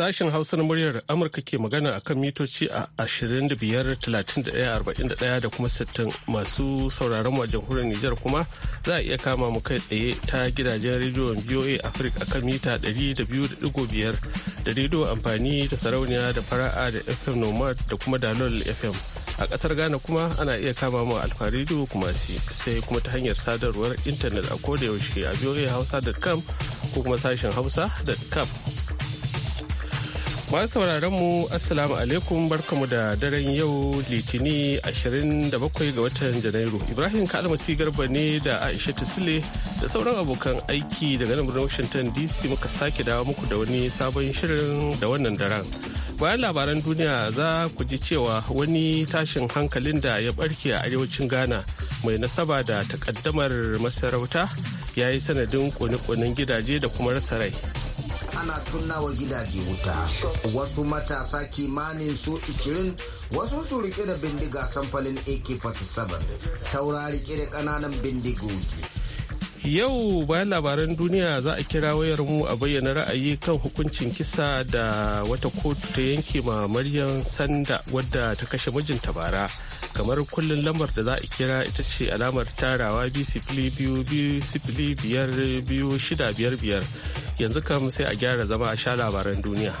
Sashen Hausa na muryar Amurka ke magana akan mitoci a 25,31,41 da kuma 60 masu sauraron mu a jamhuriyar Nijar kuma za a iya kama mu kai tsaye ta gidajen rediyon BOA Africa akan mita 200.5 da rediyo amfani da sarauniya da fara'a da FM Nomad da kuma Dalol FM. A ƙasar Ghana kuma ana iya kama mu alfa rediyo kuma sai kuma ta hanyar sadarwar intanet a kodayaushe a hausa.com ko kuma sashen hausa.com. Masu sauraron mu Assalamu alaikum barkamu da daren yau Litini 27 ga watan Janairu. Ibrahim Kalmasi Garba ne da Aisha Sule da sauran abokan aiki daga nan Washington DC muka sake dawo muku da wani sabon shirin da wannan daren. Bayan labaran duniya za ku ji cewa wani tashin hankalin da ya barke a arewacin Ghana mai nasaba da takaddamar masarauta ya yi sanadin kone gidaje da kuma rasa rai. ana tunawa gidaje wuta wasu matasa kimanin su 20 wasu su rike da bindiga samfalin ak-47 saura rike da kananan bindigogi yau bayan labaran duniya za a kira wayar mu a bayyana ra'ayi kan hukuncin kisa da wata kotu ta yanke ma maryam sanda wadda ta kashe mijinta bara kamar kullum lambar da za a kira ita ce alamar tarawa bi sifili biyu biyu sifili biyar biyu shida biyar biyar yanzu kam sai a gyara zama a sha labaran duniya.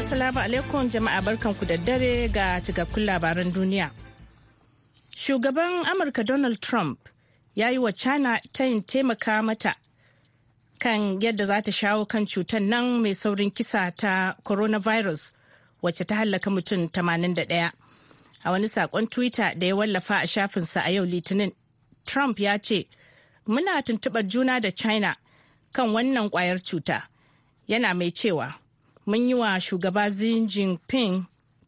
Assalamu alaikum jama'a barkanku da dare ga cikakkun labaran duniya. Shugaban Amurka Donald Trump ya yi wa China yin taimaka mata kan yadda za ta shawo kan cutar nan mai saurin kisa ta coronavirus wacce ta hallaka mutum 81 a wani sakon twitter da ya wallafa a shafinsa a yau litinin trump ya ce muna tuntuɓar juna da china kan wannan kwayar cuta yana mai cewa mun yi wa shugaba xi jinping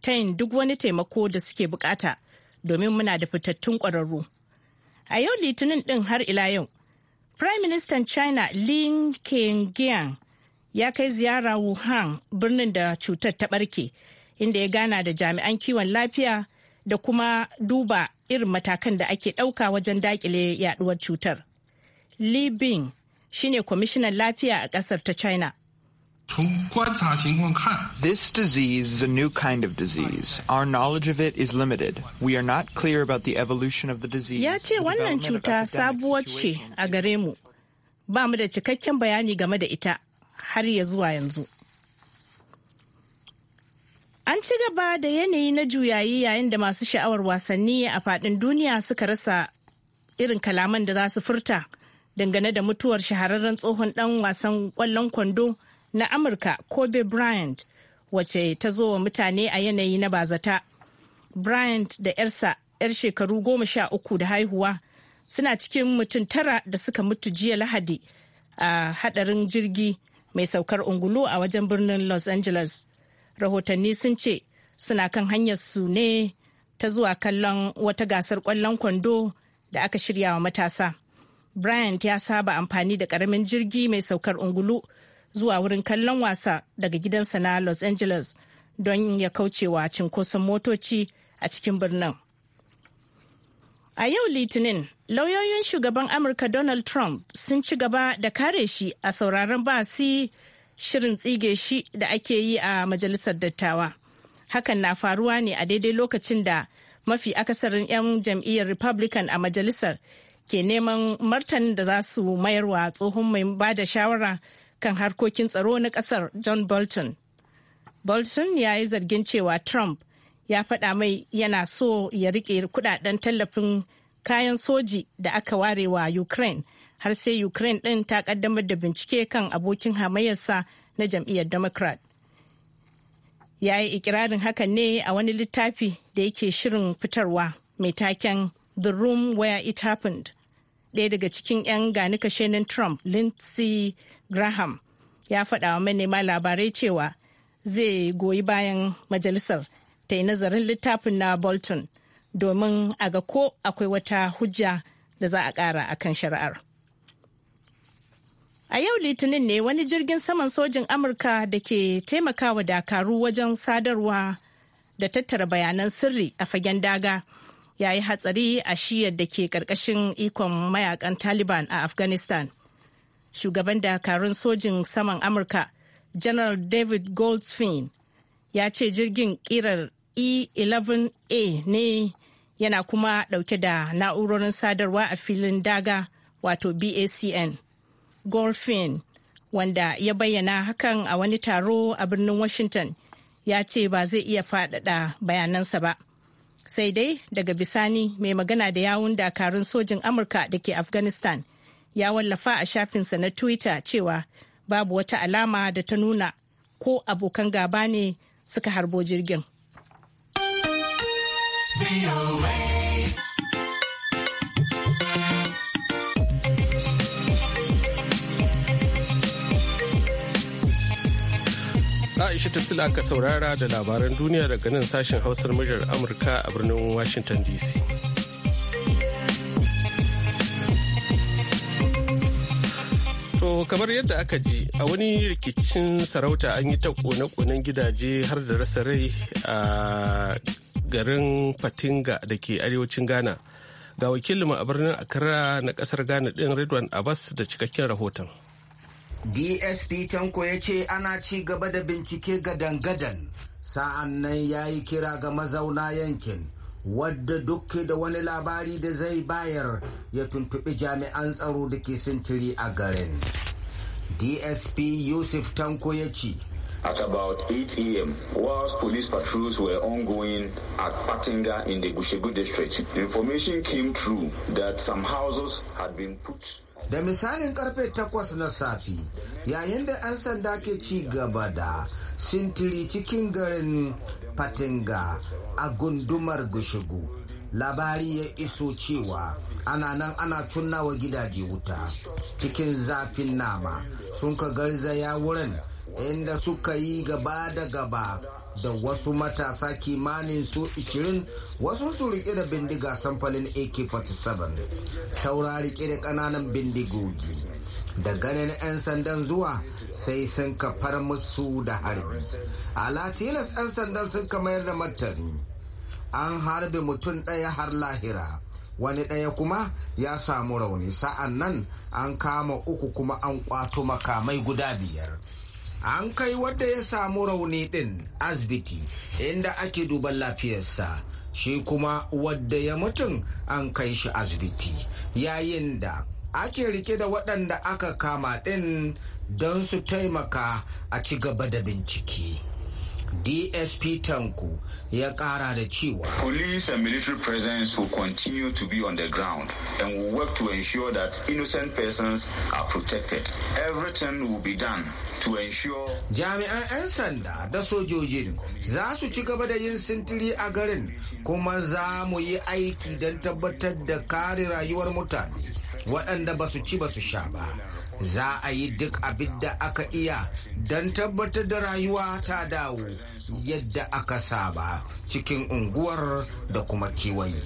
yin duk wani taimako da suke bukata domin muna da fitattun ƙwararru a yau litinin ɗin har ila yau Prime Minister China Li Kengyang ya kai ziyara Wuhan birnin da cutar ta barke inda ya gana da jami'an kiwon lafiya da kuma duba irin matakan da ake ɗauka wajen daƙile yaduwar cutar. Li Bing shine kwamishinan lafiya a ƙasar ta China. This disease is a new kind of disease. Our knowledge of it is limited. We are not clear about the evolution of the disease. Ya ce wannan cuta sabuwar ce a gare mu. Ba mu da cikakken bayani game da ita har ya zuwa yanzu. An ci gaba da yanayi na juyayi yayin da masu sha'awar wasanni a faɗin duniya suka rasa irin kalaman da za su furta dangane da mutuwar shahararren tsohon ɗan wasan ƙwallon kwando. na Amurka Kobe Bryant wace ta zo wa mutane a yanayi na bazata. Bryant da 'yarsa 'yar shekaru goma sha uku da haihuwa suna cikin mutum tara da suka mutu jiya lahadi a hadarin jirgi mai saukar ungulu a wajen birnin Los Angeles. Rahotanni sun ce suna kan hanyar su ne ta zuwa kallon wata gasar kwallon kwando da aka shirya wa matasa. Bryant ya saba amfani da ƙaramin jirgi mai saukar ungulu zuwa wurin kallon wasa daga gidansa na Los Angeles don ya kaucewa cinkoson motoci a cikin birnin. A yau Litinin, lauyoyin shugaban Amurka Donald Trump sun ci gaba da kare shi a sauraron basi shirin tsige shi da ake yi a Majalisar Dattawa. Hakan na faruwa ne a daidai lokacin da mafi akasarin 'yan jam'iyyar Republican a Majalisar ke neman martan da za su mayarwa tsohon mai ba da shawara kan harkokin tsaro na kasar John Bolton. Bolton ya yi zargin cewa Trump ya faɗa mai yana so ya riƙe kudaden tallafin kayan soji da aka ware wa Ukraine har sai Ukraine ɗin ta ƙaddamar da bincike kan abokin hamayyarsa na jam'iyyar Democrat. Ya yi ikirarin hakan ne a wani littafi da yake shirin fitarwa mai taken The Room Where It Happened ɗaya daga cikin 'yan gani kashenin trump lindsey graham ya faɗa wa manema labarai cewa zai goyi bayan majalisar ta yi nazarin littafin na bolton domin a ga ko akwai wata hujja da za a ƙara a kan shari'ar a yau litinin ne wani jirgin saman sojin amurka da ke taimakawa dakaru wajen sadarwa da tattara bayanan sirri a fagen daga ya yi hatsari a shiyar da ke karkashin ikon mayakan taliban a afghanistan shugaban dakarun sojin saman amurka general david goldstein ya ce jirgin kirar e-11a ne yana kuma dauke da na'urorin sadarwa a filin daga wato bacn goldstein wanda ya bayyana hakan a wani taro a birnin washington ya ce ba zai iya faɗaɗa bayanansa ba sai dai daga bisani mai magana da yawun dakarun sojin amurka da ke afghanistan ya wallafa a shafinsa na twitter cewa babu wata alama da ta nuna ko abokan gaba ne suka harbo jirgin. ta ta ka saurara da labaran duniya daga nan sashen hausar muryar Amurka a birnin Washington DC. To kamar yadda aka ji a wani rikicin sarauta an yi ta kone-konen gidaje har da rasa rai a garin Fatinga da ke arewacin Ghana. Ga wakilinmu a birnin akara na kasar Ghana din Redwan Abbas da cikakken rahoton. dsp tanko ya ce ana ci gaba da bincike gadan-gadan sa'an nan ya yi kira ga mazauna yankin wadda duk da wani labari da zai bayar ya tuntuɓi jami'an tsaro da ke sintiri a garin dsp yusuf tanko ya ce At about 8 a.m., whilst police patrols were ongoing at Patinga in the Gushegu district, information came through that some houses had been put da misalin karfe takwas na safi yayin da 'yan sanda ke ci gaba da sintiri cikin garin fatinga a gundumar gushigu labari ya iso cewa ana nan ana wa gidaje wuta cikin zafin nama sun ka garzaya wurin inda suka yi gaba da gaba da wasu matasa kimanin su 20 wasu su rike da bindiga samfalin ak-47 saura rike da kananan bindigogi da ganin 'yan sandan zuwa sai sun kafar musu da harbi a tilas 'yan sandan sun mayar da martani an harbi mutum ɗaya har lahira wani ɗaya kuma ya samu rauni sa'an nan an kama uku kuma an kwato makamai guda biyar an kai wadda ya samu rauni din asibiti inda ake duban lafiyarsa shi kuma wadda ya mutum an kai shi asibiti yayin da ake rike da waɗanda aka kama din don su taimaka a ci gaba da bincike. DSP Tanku ya kara da cewa. Police and military presence will continue to be on the ground and will work to ensure that innocent persons are protected. Everything will be done to ensure. Jami'an 'yan sanda da sojojin za su ci gaba da yin sintiri a garin kuma za mu yi aiki don tabbatar da kare rayuwar mutane waɗanda ba su ci ba su sha ba. za a yi duk abin da aka iya don tabbatar da rayuwa ta dawo yadda aka saba cikin unguwar da kuma kewaye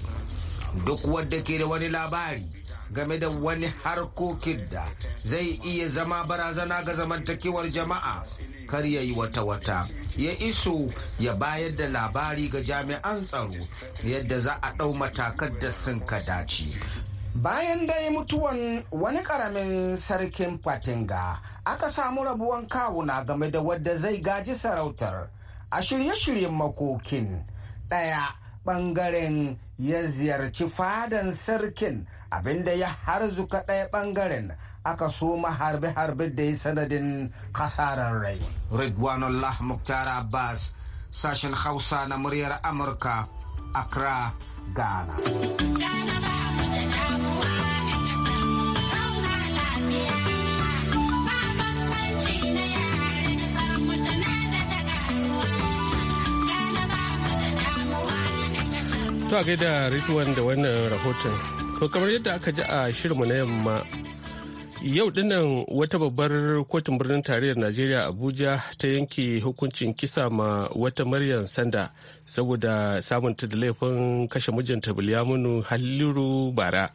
duk wadda ke da wani labari game da wani harkokin da zai iya zama barazana ga zamantakewar jama'a kar ya yi wata-wata ya iso ya bayar da labari ga jami'an tsaro yadda za a ɗau matakan da sun ka dace Bayan dai mutuwan wani karamin sarkin Fatinga, aka samu rabuwan kawuna game da wadda zai gaji sarautar a shirye-shiryen makokin. Ɗaya ɓangaren ya ziyarci fadan sarkin abinda ya harzuka ɗaya ɓangaren aka soma harbe-harbe da ya sanadin kasarar rai. Ridwanullah Muktar Abbas, sashen Hausa na muryar Amurka, Accra, Ghana. To gaida rituwan da wannan rahoton. To kamar yadda aka ji a shirinmu na yamma Yau dinnan wata babbar kotun birnin tarayyar Najeriya Abuja ta yanke hukuncin kisa ma wata Maryam Sanda saboda samunta da laifin kashe mijinta bilyamunu haliru Bara.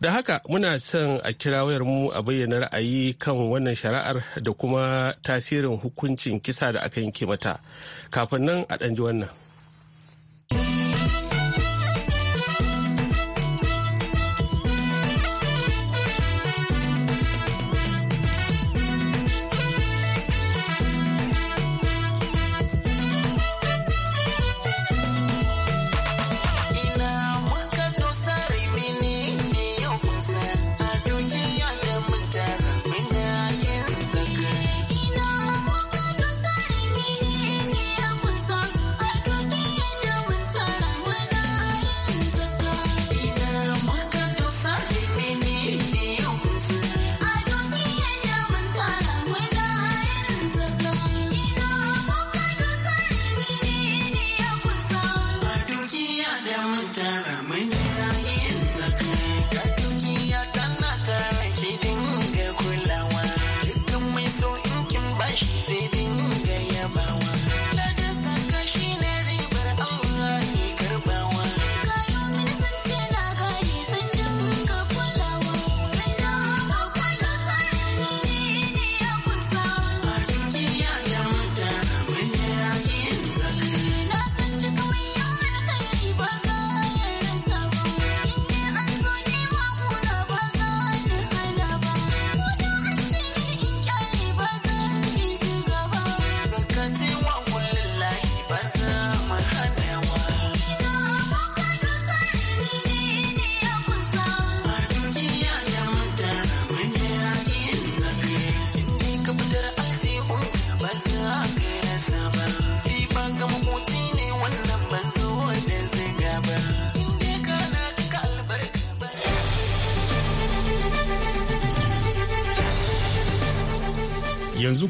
Da haka muna son a kira wayar mu a bayyana ra'ayi kan wannan shari'ar da kuma tasirin hukuncin kisa da aka yanke mata. Kafin nan a ɗanji wannan.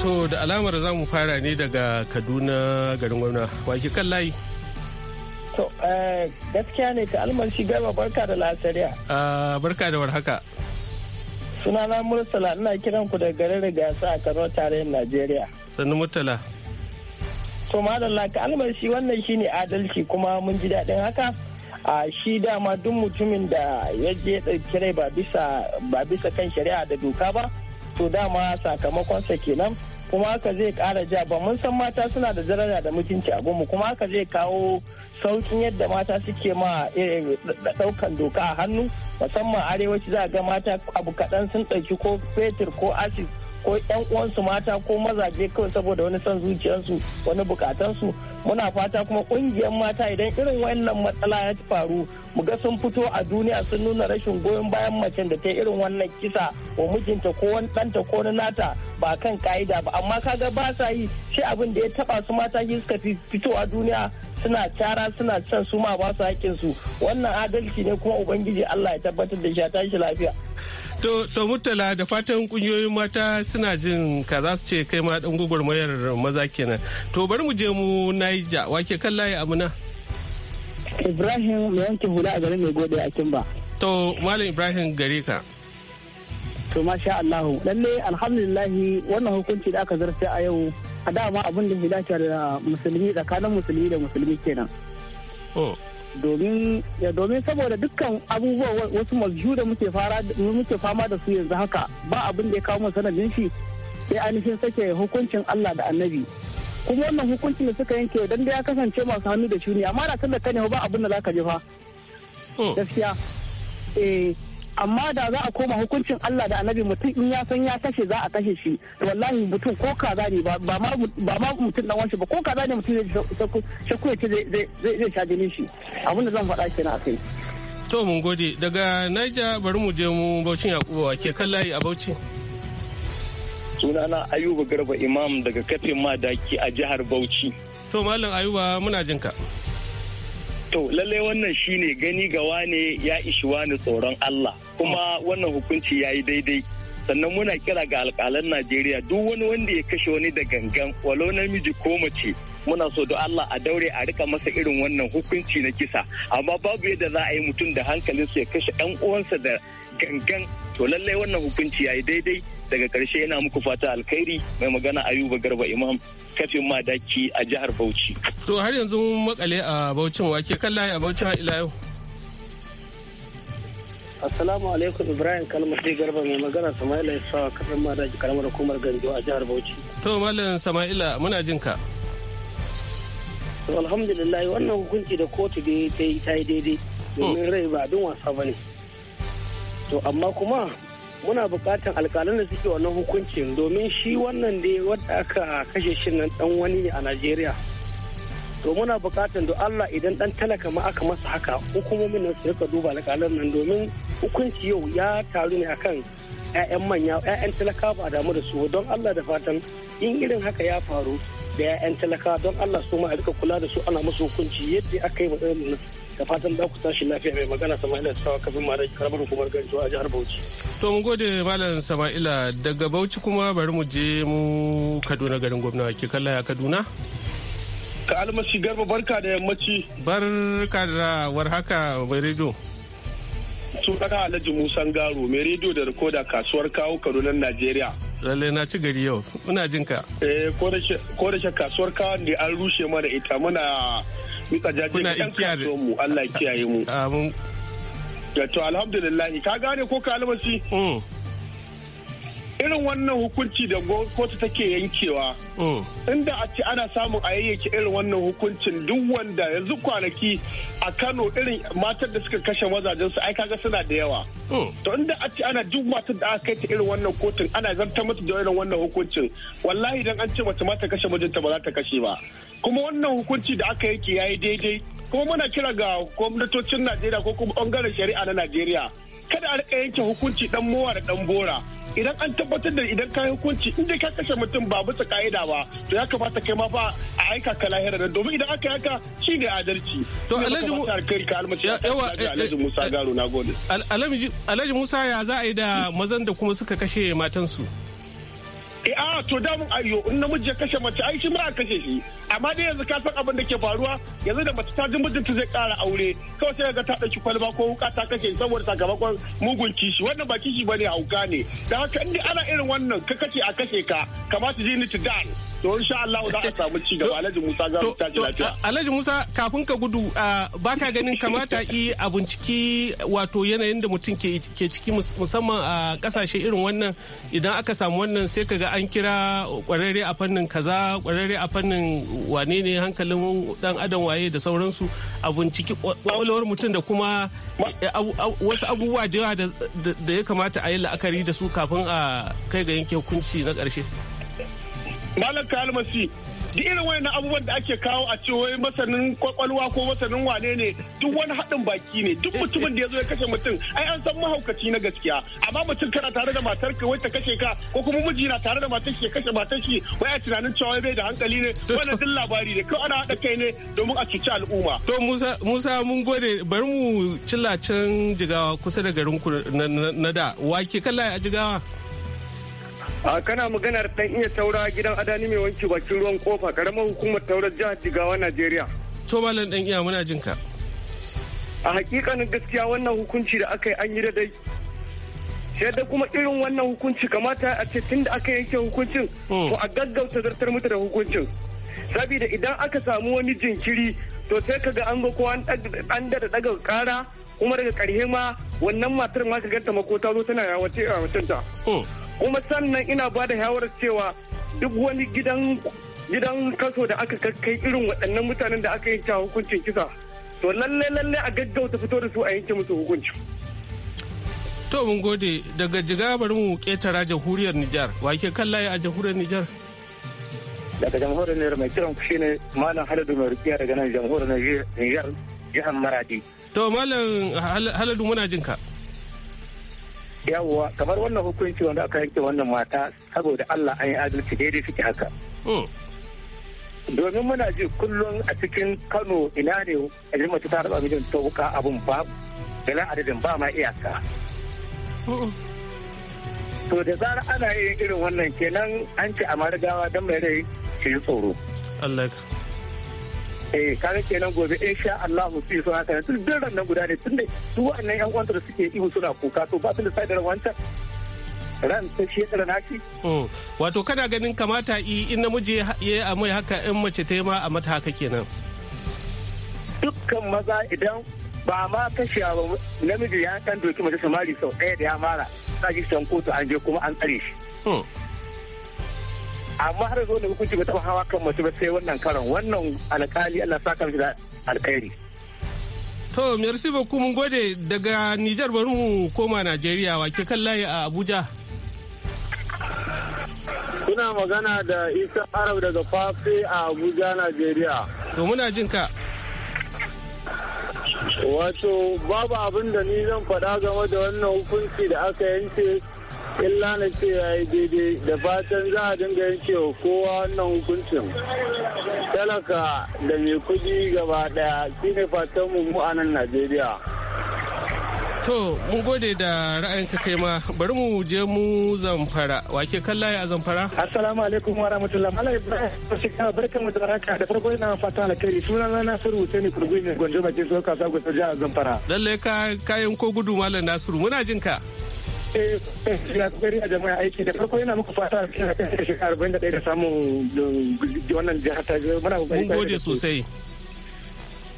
To da alamar za mu fara ne daga Kaduna garin gwamna. Waki kan layi? To eh, gaskiya ne ka almanci garba barka da lasariya. Ah, barka da warhaka. Sunana Murtala ina kiran ku da garin gasa a Kano tarayyar Najeriya. Sannu Murtala. To madalla ka almanci wannan shine adalci kuma mun ji daɗin haka. a shi dama duk mutumin da ya je ɗauki rai ba bisa kan shari'a da doka ba to dama sakamakonsa kenan kuma haka zai kara ja ba mun san mata suna da daraja da mutunci a gunmu kuma haka zai kawo saukin yadda mata suke ma eh, ɗaukan doka a hannu musamman arewaci za a ga mata abu kaɗan sun ɗauki ko fetur ko asis ko yan uwansu mata ko mazaje kawai saboda wani son zuciyarsu wani bukatansu muna fata kuma kungiyar mata idan irin wannan matsala ya faru mu ga sun fito a duniya sun nuna rashin goyon bayan macen da ta irin wannan kisa wa mijinta ko wani ɗanta ko na nata ba kan ka'ida ba amma kaga ba sa yi shi abin da ya taba su mata shi suka fito a duniya suna cara suna can su ma ba su haƙƙinsu wannan adalci ne kuma ubangiji Allah ya tabbatar da shi a tashi lafiya. To, to Murtala da fatan kungiyoyin mata suna jin ka za su ce kai ma dan gwagwarmayar maza kenan. To bari mu je mu Naija wake kan layi Amina. Ibrahim mai yanki hula a garin mai gode a Kimba. To Malam Ibrahim gare ka. To masha Allah lalle alhamdulillah wannan hukunci da aka zarce a yau a dama abin da hilatar musulmi tsakanin musulmi da musulmi kenan. Oh. domin ya domin saboda dukkan abubuwa wasu masu da muke fama da su yanzu haka ba abin da ya kawo sanadin shi sai ainihin sake hukuncin Allah da Annabi kuma wannan hukuncin da suka yanke dan da ya kasance masu hannu da shuni amma da tallaka ne ba abin da zaka je fa oh. gaskiya eh amma da za a koma hukuncin Allah da annabi mutum in ya san ya kashe za a kashe shi wallahi mutum ko kaza ne ba ma mutum dan wanshi ba ko kaza ne mutum zai shakku ya ce zai sha jinin shi abin da zan faɗa ke na akai to mun gode daga Niger bari mu je mu Bauchi Yakubu ke kan a Bauchi sunana Ayuba Garba Imam daga Kafin Madaki a jihar Bauchi to Malam Ayuba muna jinka To lalle wannan shi ne gani ga wane ya ishi wani tsoron Allah kuma wannan hukunci ya yi daidai. Sannan muna kira ga alƙalan Najeriya duk wani wanda ya kashe wani da gangan walau namiji ko mace muna so da Allah a daure a rika masa irin wannan hukunci na kisa amma babu yadda za a yi mutum da hankalinsa ya kashe ɗan uwansa da gangan to lallai wannan hukunci ya yi daidai daga karshe yana muku fata alkhairi mai magana ayuba garba imam kafin madaki a jihar bauchi to har yanzu makale a baucin wake layi a baucin ila yau assalamu alaikum ibrahim kalmasi garba mai magana sama'ila sawa kafin madaki karamar hukumar ganjo a jihar bauchi to malam sama'ila muna jin ka alhamdulillah wannan hukunci da kotu da ta yi daidai hmm. domin rai ba abin wasa ba ne to amma kuma muna bukatan alkalan da suke wannan hukuncin domin shi wannan da wanda aka kashe shi nan dan wani ne a najeriya to muna buƙatar da allah idan dan talaka ma aka masa haka hukumomin nan su rika duba alkalan nan domin hukunci yau ya taru ne akan ƴaƴan manya 'ya'yan talaka ba a damu da su don allah da fatan in irin haka ya faru da 'ya'yan talaka don allah su ma a rika kula da su ana musu hukunci yadda aka yi matsayin da fatan za ku tashi lafiya mai magana sama'ila ta kafin ma da karamar hukumar ganjo a jihar bauchi to mun gode malam sama'ila daga bauchi kuma bari mu je mu kaduna garin gwamna ke kalla ya kaduna ka almasi garba barka da yammaci barka da warhaka mai rediyo sunana alhaji musan garo mai rediyo da rikoda kasuwar kawo kaduna najeriya lalle na ci gari yau ina jinka eh ko da kasuwar kawo ne an rushe mana ita muna jaje kuna ikiya mu Allah kiyaye mu. Amin. ka gane ko ka almasi. Mm. Irin wannan hukunci da kotu take yankewa. Mm. Inda a ce ana samun a yayyake irin wannan hukuncin duk wanda yanzu kwanaki a Kano irin matar da suka kashe mazajensu ai kaga suna da yawa. Mm. To inda a ce ana duk matar da aka kai ta irin wannan kotun ana zartar mata da irin wannan hukuncin wallahi dan an ce mace ma ta kashe mijinta ba za ta kashe ba. kuma wannan hukunci da aka yake yayi daidai kuma muna kira ga gwamnatocin najeriya ko kuma bangaren shari'a na najeriya kada a rika yanke hukunci dan mowa da dan bora idan an tabbatar da idan ka hukunci in dai ka kashe mutum ba bisa ka'ida ba to ya kamata kai ma fa a aika ka lahira da domin idan aka haka shi ne adalci to alhaji musa eh, garo na gode alhaji musa ya za a yi da mazan da kuma suka kashe matansu eh a ah, to da mun ayyo in namiji ya kashe mace ai shi ma a kashe shi amma dai yanzu ka san abin da ke faruwa yanzu da mace ta ji mijinta zai kara aure kawai sai ga ta ɗauki kwalba ko wuka ta kashe saboda sakamakon mugun kishi wannan ba kishi bane hauka ne da haka in ana irin wannan ka kashe a kashe ka kamata ji ni ci to insha Allah za a samu ci gaba Alhaji Musa za ta ji lafiya Alhaji Musa kafin ka gudu baka ganin kamata yi a binciki wato yanayin da mutum ke ciki musamman a kasashe irin wannan idan aka samu wannan sai kaga an kira kwararre a fannin kaza kwararre a fannin wane ne hankalin dan adam waye da sauransu a binciki kwakwalwar mutum da kuma eh, wasu abubuwa da yawa da ya kamata a yi la'akari da su kafin a kai ga yanke hukunci na ƙarshe. Malam Kalmasi duk irin na abubuwan da ake kawo a ce wai masanin kwakwalwa ko masanin wane ne duk wani haɗin baki ne duk mutumin da ya zo ya kashe mutum ai an san mahaukaci na gaskiya amma mutum kana tare da matar ka wai ta kashe ka ko kuma miji na tare da matar shi ya kashe matar shi wai a tunanin cewa bai da hankali ne wannan duk labari ne kawai ana haɗa kai ne domin a cuci al'umma. to musa musa mun gode bari mu can jigawa kusa da garin ku na da wake kala a jigawa. a kana maganar dan iya taura gidan adani mai wanki bakin ruwan kofa karamar hukumar taurar jihar jigawa najeriya to malam dan iya muna jin ka a hakikanin gaskiya wannan hukunci da aka yi an yi da dai sai da kuma irin wannan hukunci kamata a ce tun da aka yanke hukuncin ko hmm. a gaggauta zartar mutu da hukuncin saboda idan aka samu wani jinkiri to sai ka ga an ga kowa an da daga kara kuma daga karhe ma wannan matar ma ka ganta makota zo tana yawace a mutunta. kuma sannan ina ba da shawarar cewa duk wani gidan gidan kaso da aka kai irin waɗannan mutanen da aka yi ta hukuncin kisa to lalle lalle a gaggauta fito da su a yanke musu hukunci to mun gode daga jiga bari mu ketara jamhuriyar Nijar wa kan layi a jamhuriyar Nijar daga jamhuriyar Nijar mai kiran ku shine malam Haladu mai rukiya daga nan jamhuriyar Nijar jihar Maradi to malam Haladu muna jinka ka yawwa kamar wannan hukunci wanda aka yanke wannan mata saboda Allah an yi adalci daidai suke haka. Oh. Domin muna ji kullum a cikin Kano ina ne a jirma ta tara mijin ta wuka abun ba na adadin ba ma iyaka. Oh. To da zara ana yin irin wannan kenan an ce a marigawa don mai rai shi tsoro. eh kaga kenan gobe insha Allah su yi suna kana tun duk nan guda ne tun da su wannan yan uwan da suke ihu suna kuka to ba su da sadar wancan ran ta shi tsara naki hmm. wato kana ganin kamata i in namiji ya amai haka in mace ta yi ma a mata haka kenan dukkan maza idan ba ma kashe ba namiji ya kan doki mace samari sau ɗaya da ya mara sa ji kotu an je kuma an tsare shi hmm. amma har zo da hukunci ba taɓa hawa kan mace ba sai wannan karon wannan alƙali Allah saka mishi da alƙairi. To merci beaucoup mun gode daga Nijar bari mu koma Najeriya wake kan layi a Abuja. Kuna magana da Isa Arab daga Fafe a Abuja Najeriya. To muna jin ka. Wato babu abin da ni zan faɗa game da wannan hukunci da aka yanke illa na ce ya yi daidai da fatan za a dinga yin cewa kowa wannan hukuncin talaka da mai kudi gaba daya shine fatan mu a nan najeriya to mun gode da ka kai ma bari mu je mu zamfara wake kallaye a zamfara assalamu alaikum wa rahmatullah mallam ibrahim ka barka mu da baraka da farko ina fata alkhairi suna na nasiru husaini kurgui ne so ka sa sago ta ja zamfara lalle ka kayan ko gudu mallam nasiru muna jin ka eh ya a jama'a aiki da farko yana muku fata kina kan shekara 41 da samun wannan jihar ta muna kokari mun gode sosai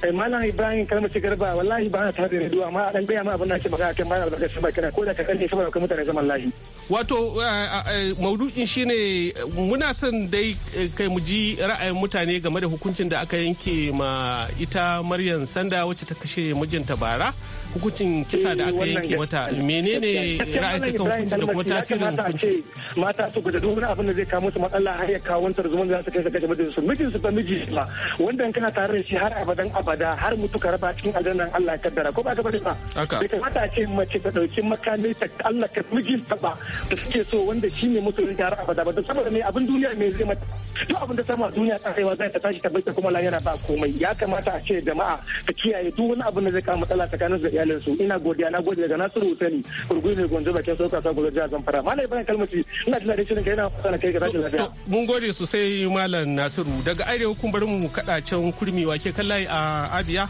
eh, malam ibrahim kalmar ci garba wallahi ba na tare da duwa amma dan gaya ma abin da ake magana kan malam albarkar shi ba kana ko da ka kalle shi ba ka mutane zaman lahi wato eh, eh, eh, maudu'in shine muna son dai kai mu ji ra'ayin mutane game da hukuncin da aka yanke ma ita maryam sanda wacce ta kashe mijinta bara hukuncin kisa da aka yanke mata menene ra'ayin kan hukuncin da kuma tasirin hukuncin mata su guda duk abin da zai kawo musu matsala har ya kawo wani tarzuman da za su kai su kashe mijinsu mijinsu ba miji ba wanda kana tare da shi har abadan abada har mutu ka raba cikin aljannan Allah ya kaddara ko ba ka bari ba bai kamata a ce mace ta dauki makami ta Allah ka mijinta ba da suke so wanda shi ne musulun rinta har abada ba saboda mai abin duniya mai zai mata to abin da sama duniya ta kaiwa zai ta tashi ta bai kuma lahira ba komai ya kamata a ce jama'a ta kiyaye duk wani abin da zai kawo matsala tsakanin da iyalin su ina godiya na gode daga Nasiru Sani gurguri ne gonzo bakin sauka sa gurguri jihar Zamfara malam Ibrahim kalmaci ina tunanin da shirin kai na fasa kai ga zaki lafiya mun gode sosai malam Nasiru daga arewa kun bari mu kada can kurmi wake kallai a Abia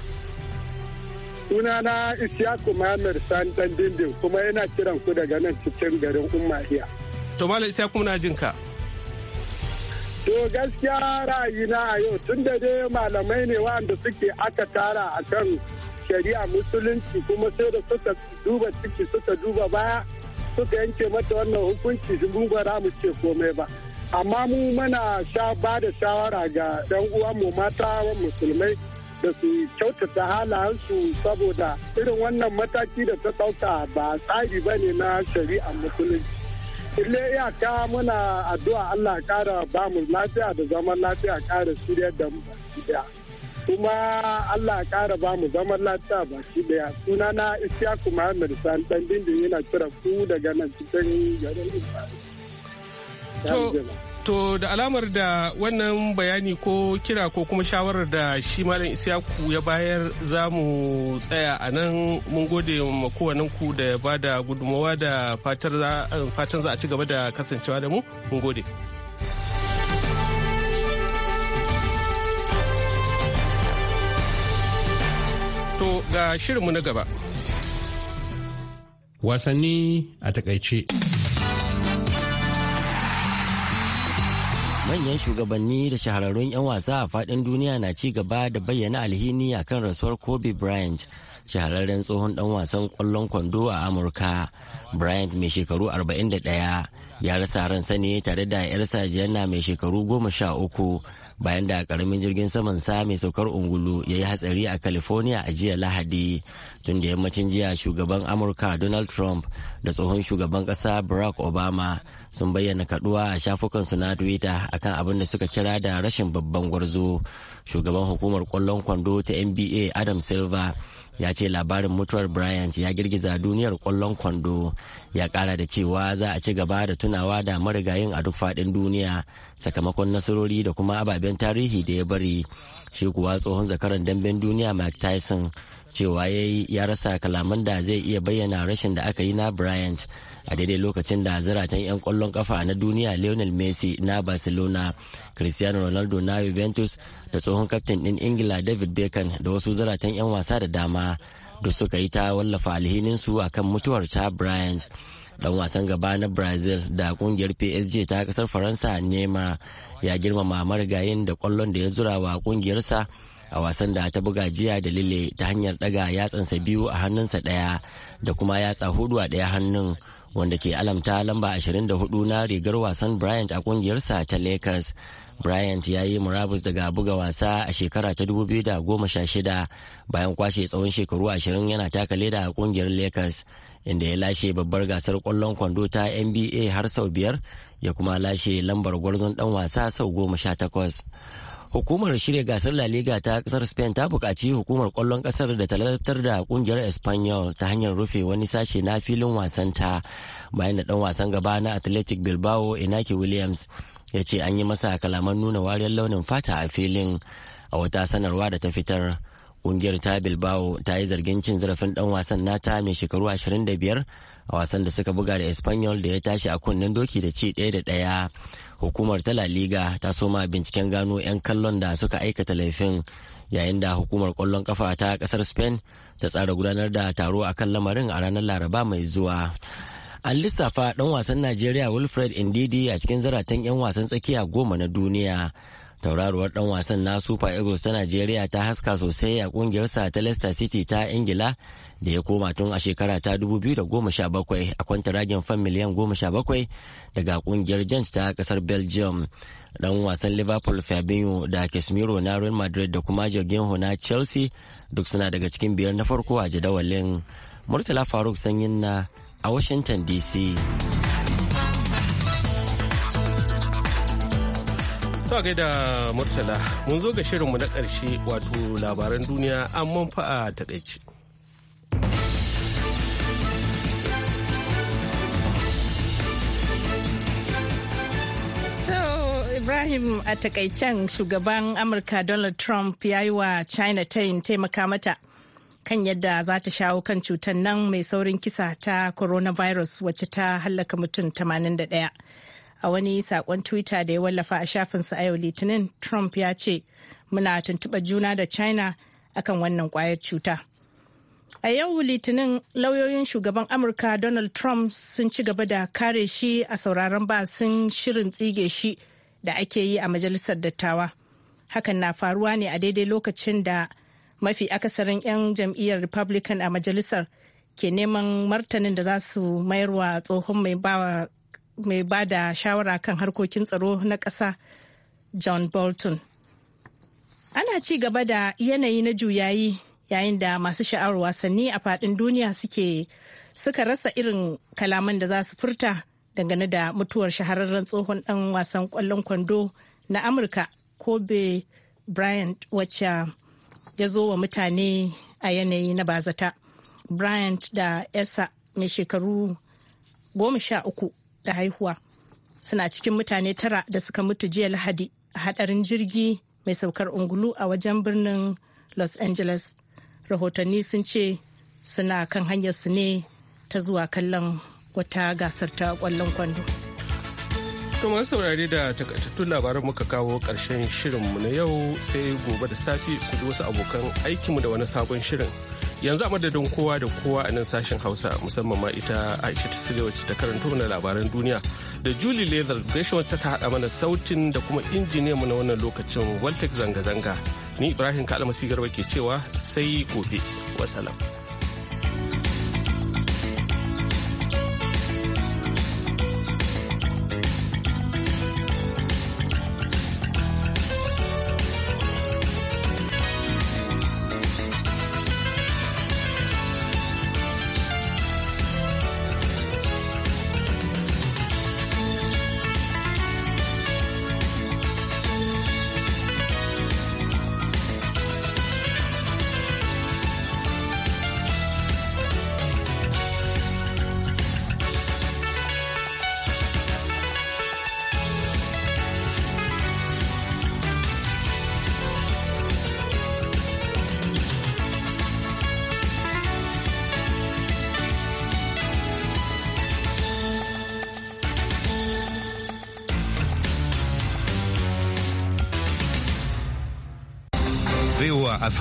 suna na Isiyaku Muhammad San Dan Dindin kuma yana kiran ku daga nan cikin garin umariya To Malam Isiyaku muna jin ka. To gaskiya na a yau tun da dai malamai ne wanda suke aka tara a kan shari'a musulunci kuma sai da suka duba ciki suka duba baya suka yanke mata wannan hukunci mun ba mu ce komai ba. Amma mu mana sha ba da shawara ga 'yan uwanmu mata musulmai da su kyautata halayensu saboda irin wannan mataki da ta ɗauka ba tsari ba ne na shari'a musulunci. Ile iyaka muna addu'a Allah kara ba mu lafiya da zaman lafiya kara shirya da mu daya. Kuma Allah kara ba mu zaman lafiya shi daya. Suna na Isiyaku Muhammad Sani ɗan dindin yana cire ku daga nan cikin garin Isra'ila. To da alamar da wannan bayani ko kira ko kuma shawarar da shi Malam Isiyaku ya bayar za mu tsaya a nan mun gode ma kowannen ku da ba da gudunmawa da fatan za a ci gaba da kasancewa da mu mun gode. To ga shirinmu na gaba. Wasanni a takaice. manyan shugabanni da shahararrun 'yan wasa a faɗin duniya na ci gaba da bayyana alhini a kan rasuwar kobe bryant shahararren tsohon dan wasan kwallon kwando a amurka bryant mai shekaru 41 ya rasa ransa ne tare da 'yarsa jiyanna mai shekaru 13 bayan da karamin jirgin saman sa mai saukar ungulu ya yi hatsari a california a jiya lahadi tun da yammacin jiya shugaban amurka donald trump da tsohon shugaban kasa barack obama sun bayyana kaduwa a shafukan su na twitter akan abin da suka kira da rashin babban gwarzo shugaban hukumar kwallon kwando ta nba adam silver ya ce labarin mutuwar bryant ya girgiza duniyar kwallon kwando ya kara da cewa za a ci gaba da tunawa da marigayin a duk fadin duniya sakamakon nasarori da kuma ababen tarihi da ya bari shi kuwa tsohon zakaran damben duniya mike tyson cewa ya rasa kalaman da zai iya bayyana rashin da aka yi na bryant a daidai lokacin da zaratan 'yan kwallon kafa na duniya lionel messi na barcelona cristiano ronaldo na juventus da tsohon kaftin din ingila david beckham da wasu zaratan 'yan wasa da dama da suka yi ta wallafa alhininsu a kan mutuwar ta bryant dan wasan gaba na brazil da kungiyar psg ta kasar faransa neymar ya girmama marigayin da kwallon da ya zura wa kungiyarsa a wasan da ta buga jiya da lile ta hanyar daga yatsansa biyu a hannunsa daya da kuma yatsa hudu a daya hannun wanda ke alamta lamba 24 na rigar wasan Bryant a kungiyarsa ta Lakers. Bryant ya yi murabus daga buga wasa a shekara ta 2016 bayan kwashe tsawon shekaru 20 yana taka leda a kungiyar Lakers inda ya lashe babbar gasar kwallon kwando ta NBA har sau biyar ya kuma lashe lambar gwarzon dan wasa sau goma sha takwas. Hukumar shirya gasar La Liga ta kasar Spain ta bukaci hukumar kwallon kasar da ta lalatar da ƙungiyar Espanyol ta hanyar rufe wani sashe na filin wasan ta bayan da ɗan wasan gaba na Athletic Bilbao Inaki Williams ya ce an yi masa kalaman nuna wariyar launin fata a filin a wata sanarwa da ta fitar. Ƙungiyar ta Bilbao ta yi zargin cin zarafin ɗan wasan nata mai shekaru 25 a wasan da suka buga da espanyol da ya tashi a kunnen doki da ci ɗaya da ɗaya hukumar ta liga ta soma binciken gano 'yan kallon da suka aikata laifin yayin da hukumar kwallon kafa ta kasar spain ta tsara gudanar da taro a kan lamarin a ranar laraba mai zuwa an lissafa ɗan wasan najeriya wilfred indidi a cikin zaratan 'yan wasan tsakiya goma na duniya tauraruwar ɗan wasan na super eagles ta najeriya ta haska sosai a sa ta leicester city ta ingila da ya koma tun a shekara ta 2017 a kwantaragin fan miliyan 17 daga kungiyar gent ta kasar belgium ɗan wasan liverpool fabinho da casemiro na real madrid da kuma jorginho na chelsea duk suna daga cikin biyar na farko a jadawalin murtala faruk sanyin na a washington dc ga da Murtala, mun zo ga shirinmu na ƙarshe wato labaran duniya an manfa'a taƙaice. Ibrahim a takaicen shugaban Amurka Donald Trump ya yi wa China ta yin taimaka mata kan yadda za ta shawo kan cutar nan mai saurin kisa ta coronavirus wacce ta hallaka mutum 81. a wani sakon twitter da ya wallafa a shafinsa a yau litinin trump ya ce muna tuntuɓa juna da china akan wannan kwayar cuta a yau litinin lauyoyin shugaban amurka donald trump sun ci gaba da kare shi a sauraron ba sun shirin tsige shi da ake yi a majalisar dattawa hakan na faruwa ne a daidai lokacin da mafi akasarin 'yan jam'iyyar republican a majalisar ke neman martanin da za su mayarwa tsohon mai bawa mai ba da shawara kan harkokin tsaro na ƙasa john bolton ana ci gaba da yanayi na juyayi yayin da masu sha'awar wasanni a faɗin duniya suke suka rasa irin kalaman da za su furta dangane da mutuwar shahararren tsohon ɗan wasan ƙwallon kwando na amurka kobe bryant wacce ya zo wa mutane a yanayi na bazata bryant da esa mai shekaru goma sha uku da haihuwa suna cikin mutane tara da suka mutu jiya lahadi a hadarin jirgi mai saukar ungulu a wajen birnin los angeles rahotanni sun ce suna kan hanyar su ne ta zuwa kallon wata gasar ta kwallon kwando kuma saurare da takaitattun labaran muka kawo karshen shirinmu na yau sai gobe da safe ku ji wasu abokan aikinmu da wani sabon shirin yanzu a madadin kowa da kowa a nan sashen hausa musamman ma ita aisha ta sirewa ta karanto mana labaran duniya da julie leather gresham ta haɗa mana sautin da kuma injiniya mu na wannan lokacin waltex zanga-zanga ni ibrahim kalmasi garba ke cewa sai gobe wasalam.